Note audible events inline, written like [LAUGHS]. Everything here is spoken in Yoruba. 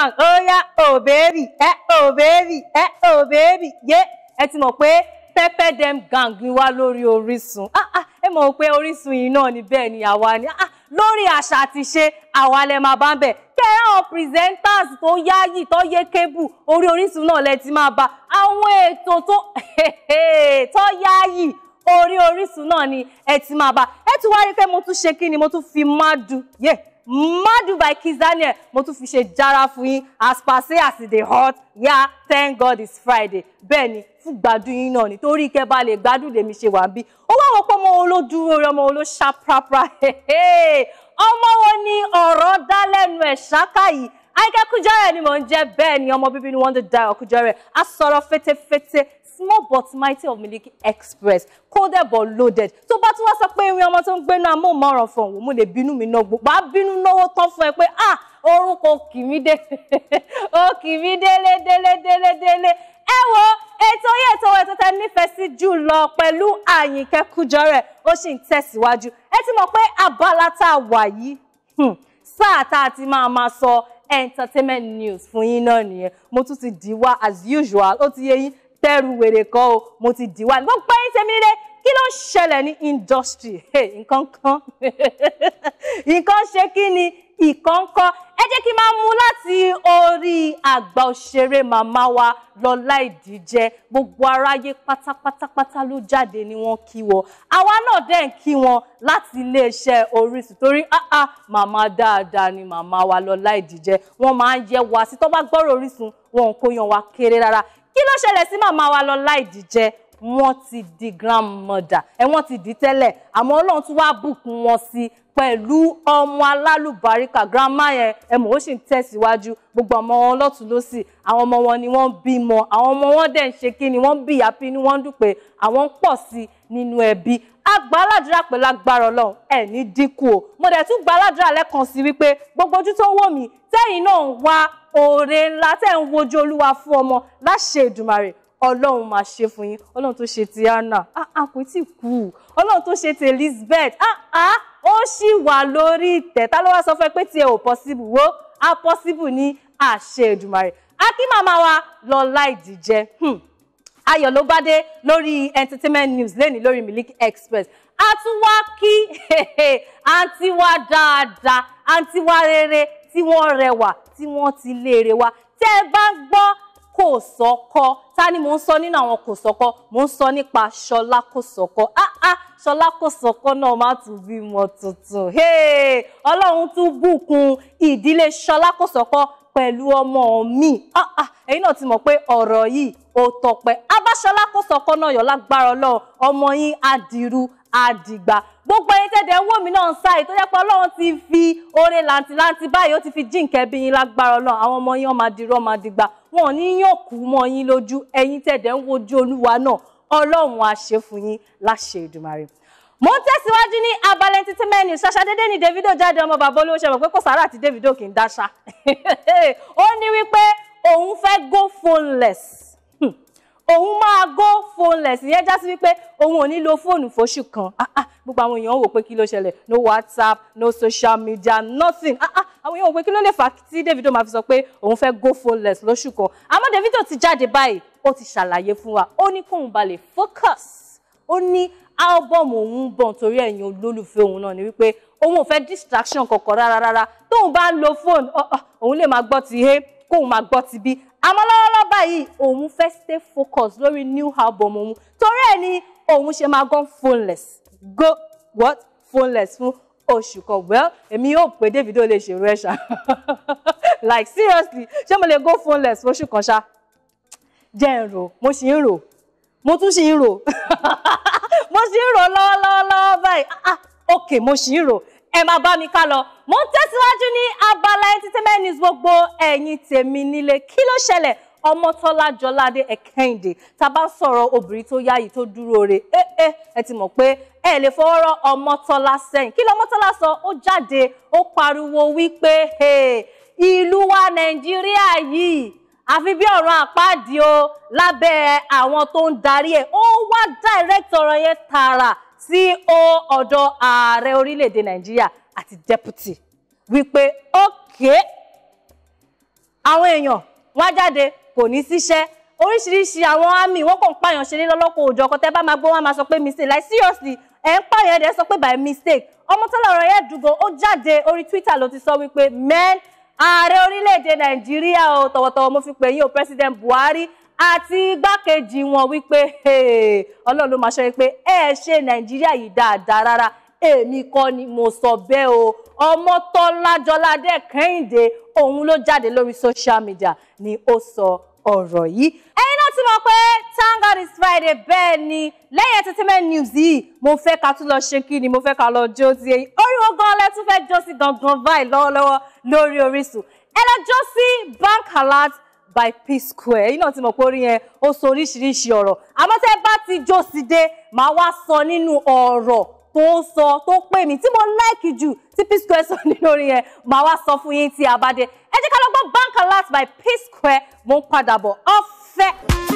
down ó yá oh baby eh, oh baby eh, oh baby yeah. ẹ ti mọ̀ pé pepper dem gang ni wá lórí Orísun ah ah ẹ mọ̀ pé Orísun yìí náà ni bẹ́ẹ̀ ni àwa ni ah, ah lórí àṣà àti ṣe àwa lẹ máa bá ń bẹ̀ kẹ́hàn presenters tó yáyì tó yé kébù orí Orísun náà lẹ ti máa bá àwọn ètò tó [LAUGHS] tó yáyì orí Orísun náà ni ẹ ti máa bá ẹ tún wá rí pé mo tún ṣe kí ni mo tún fi má dùn Yeah madu by Kiss Daniel mo tún fi ṣe jára fún yín as per say as e dey hot ya yeah, thank God it's Friday bẹ́ẹ̀ ni fún gbádùn yín náà nítorí kẹ́ bá lè gbádùn lèmi ṣe wà bí ó wá wọ́pọ̀ ọmọ olódúró ọmọ olóṣàprápra [LAUGHS] ọmọ wo ni ọ̀rọ̀ dá lẹ́nu ẹ̀ ṣáká yìí Àyìnkẹ́ Kújọrẹ̀ ni mò ń jẹ́ bẹ́ẹ̀ ni ọmọ bíbí ni wọ́n ń dá ọkújọrẹ̀ a sọ̀rọ̀ fetefete small but mighty of Miliki Express kódẹ̀ bọ̀ loaded tó bá tún wá sọ pé irin ọmọ tó ń gbénu amóhùnmáwòrán fún òun mo lè bínú mi náà gbogbo á bínú náwó tán fún ẹ pé ah orúkọ kìmídé ó [LAUGHS] kìmídé lédélédélédélé ẹ wo ètò yìí ètò ètò tẹ nífẹ̀ẹ́ sí jù lọ pẹ̀lú Àyìnkẹ́ Kújọrẹ̀ ó sì ń tẹ̀síwájú ẹ ti mọ̀ pé abala tá a wà yìí hmm, sáà tá a ti máa máa sọ entertainment news fún yín náà nìyẹn mo tún ti dì wá as usual ó ti yé yín tẹ́rù wèrè kọ́ o mo ti dìwà gbogbo ẹ̀yin tèmi rẹ kí ló ń ṣẹlẹ̀ ní industry nǹkan kan [LAUGHS] nǹkan ṣe kí ni ìkọ́ńkọ́ ẹ jẹ́ kí n máa mú láti orí àgbà òṣèré màmá wa lọ́lá ìdíjẹ gbogbo aráyé pátápátápátá ló jáde ni wọ́n kí wọn àwa náà dẹ̀ ń kí wọn láti iléeṣẹ́ Orísun torí áá ah, ah, màmá dáadáa ni màmá wa lọ́lá ìdíjẹ wọ́n máa ń yẹ wá sí tó bá gbọ́rọ̀ Orísun wọn kò yan wa kéré rárá kí ló ṣẹlẹ̀ sí màmá wa lọ láì dìjẹ́ wọ́n ti di grandmother ẹ wọ́n ti di tẹ́lẹ̀ àmọ́ ọlọ́run tún wáá bùkún wọn sí pẹ̀lú ọmọ alálùbáríkà grandma yẹn ẹ mọ̀ ó sì ń tẹ̀síwájú gbogbo ọmọ wọn lọ́tún lọ́sì àwọn ọmọ wọn ni wọ́n bímọ àwọn ọmọ wọn dẹ̀ ń ṣe kí ni wọ́n bí happy ni wọ́n ń dùn pé àwọn ń pọ̀ sí i nínú ẹbí àgbà aládùúrà pẹ̀lú agbára ọlọ́run ẹ̀ ní dínkù o mo dẹ̀ tún gba aládùúrà lẹ́ẹ̀kan sí wípé gbogbo ojú tó wò mí tẹ́yìn náà ń wá oore ńlá tẹ́ ń wojú olúwa fún ọmọ láṣẹ ìdùmarè ọlọ́run máa ṣe fún yín ọlọ́run tó ṣe ti anna a ah, ah, kò tí kú ọlọ́run tó ṣe ti elizabeth ah, ó ṣì wà lórí ìtẹ́ ta ló wá sọ fún ẹ pé tiẹ̀ ò possible wo a possible ní àṣẹ ìdùmarè akí wa lọ láì dìjẹ́. Hmm ayọ̀ ló bá dé lórí entertainment news lẹ́nìí lórí Miliki Express a tún wá kí àǹtí wa dáadáa àǹtí wa rere tí wọ́n rẹwà tí wọ́n ti léèrè wa tẹ́ ẹ bá gbọ́ kò sọ́kọ́ ta ni mò ń sọ nínú àwọn kò sọ́kọ́ mò ń sọ nípa ṣọlá kò sọ́kọ́ ah ah ṣọlá kò sọ́kọ́ náà má tún bímọ tuntun ọlọ́run tún bùkún ìdílé ṣọlá kò sọ́kọ́ pẹ̀lú ọmọ mi ah ah ẹ̀yin náà ti mọ̀ pé ọ̀rọ̀ yìí ó tọpẹ́ abáṣọlá kò sọkọ náà yọ lágbára Ọlọ́run ọmọ yín adìrú àdìgbà gbogbo ẹ̀yin tẹ́dẹ̀ ń wò mí náà ń sáyè tó jẹ́ pé Ọlọ́run ti fi oore làǹtìlanti báyìí ó ti fi jíǹkẹ́ bí yín lágbára Ọlọ́run àwọn ọmọ yín ọmọ adìrú ọmọ àdìgbà wọn ò ní yàn kú mọ́ yín lójú ẹ̀yin tẹ́dẹ̀ ń wojú olúwa náà Ọlọ́run á ṣe fún yín láṣẹ Èdùmàrè mo ń tẹ̀síwájú ní abala entertainment news ṣaṣa dédé ni Davido jáde ọmọ bàbá olówó ṣẹlẹ̀ pé kò sára àti Davido kì í dáṣà [LAUGHS] ó ní wípé òun fẹ́ go phoneless òun máa gó phoneless ìyẹn já sí wípé òun ò ní lo fóònù fóṣù kan ah, ah, gbogbo àwọn èèyàn wò pé kí ló ṣẹlẹ̀ no whatsapp no social media nothing ah, àwọn èèyàn wò pé kí ló lè fà tí Davido máa fi sọ pé òun fẹ́ go phoneless lóṣù kan àmọ́ Davido ti jáde báyìí ó ti ṣàlàyé fún wa ó ní kóun balẹ̀ focus ó ní álbọ̀mù òun bọ̀ nítorí ẹ̀yin olólùfẹ́ òun náà ni wípé òun ò fẹ́ distraction kankan rárá rárá tóun bá ń lo fóònù oh, oh, òun lè máa gbọ́ ti hé kóun máa gbọ́ ti bí àmọ́ lọ́wọ́lọ́wọ́ báyìí òun fẹ́ stay focus lórí new album òun torí ẹ̀ ni òun ṣe máa gan phoneless go what phoneless fún oṣù kan well èmi yóò pé Davido lè ṣèrú ẹ̀ ṣá like seriously ṣé mo lè go phoneless fún oṣù kan ṣá jẹ́ ń rò mo ṣì ń rò mo tún ṣì ń rò [LAUGHS] mo ṣì ń rò lọ́wọ́lọ́wọ́ báyìí ah ah ok mo ṣì ń rò ẹ máa bá mi ká lọ mo ń tẹ̀síwájú ní abala entertainment news gbogbo ẹ̀yin tèmi nílé kí ló ṣẹlẹ̀ ọmọtọ́lá jọládé ẹ̀kẹ́hìndé tá a bá ń sọ̀rọ̀ obìnrin tó yáyì tó dúró re ẹ eh, ẹ eh, ẹ ti mọ̀ pé ẹ lè fọwọ́ rọ́ ọmọtọ́lá sẹ́yìn kí lọmọtọ́lá sọ ó jáde ó pariwo wípé ìlú wa nàìjíríà yìí àfi bí ọ̀ràn àpáàdì o lábẹ́ àwọn tó ń darí ẹ̀ ó wá direct yẹn tààrà sí ó ọ̀dọ̀ ààrẹ orílẹ̀-èdè nàìjíríà àti deputy wípé ókè àwọn èèyàn wá jáde kò ní síṣẹ́ oríṣiríṣi àwọn àmì wọn kàn ń pààyàn ṣeré lọ́lọ́kọ̀ òòjọ́ ọkọ̀ tẹ́ bá máa gbọ́ wọn máa sọ pé mistake like seriously ẹ̀ ń pààyàn ẹ̀dẹ̀ sọ pé by mistake ọmọ tó lọ́rọ̀ yẹn dùgbò ó jáde orí Twitter ló ti sọ wípé men ààrẹ orílẹ̀-èdè Nàìjíríà o tọ̀wọ̀tọ̀wọ̀ mo fi pè yín o President Buhari àti igbákejì wọn wípé ọlọ́run ló máa ṣe pé ẹ ṣe nàìjíríà yìí dáadáa rárá èmi kọ́ ni mo sọ bẹ́ẹ̀ o ọmọtọ́lá jọládé kẹ́hìndé òun ló jáde lórí social media ni ó sọ ọ̀rọ̀ yìí ẹ̀yin náà ti mọ̀ pé thank God Friday bẹ́ẹ̀ ni lẹ́yìn entertainment news yìí mo fẹ́ ká tún lọ ṣe kí ni mo fẹ́ ká lọ jó sí eyín oríwo gan lẹ tún fẹ́ jó sí gangan báyìí lọ́wọ́lọ́wọ́ lórí Orísun ẹ lọ jó sí bank alert by p square yìí náà ti mọ̀ pé orin yẹn ó sọ oríṣiríṣi ọ̀rọ̀ àmọ́ tẹ́ bá ti jó sí dé màá wá sọ nínú ọ̀rọ̀ tó sọ tó pè mí tí mo láìkì jù tí p square [LAUGHS] sọ nínú orin yẹn màá wá sọ fún yín tí a bá dé ẹ jẹ́ ká lọ gbọ́ bank alert by p square mo ń padà bọ̀ ọ̀fẹ́.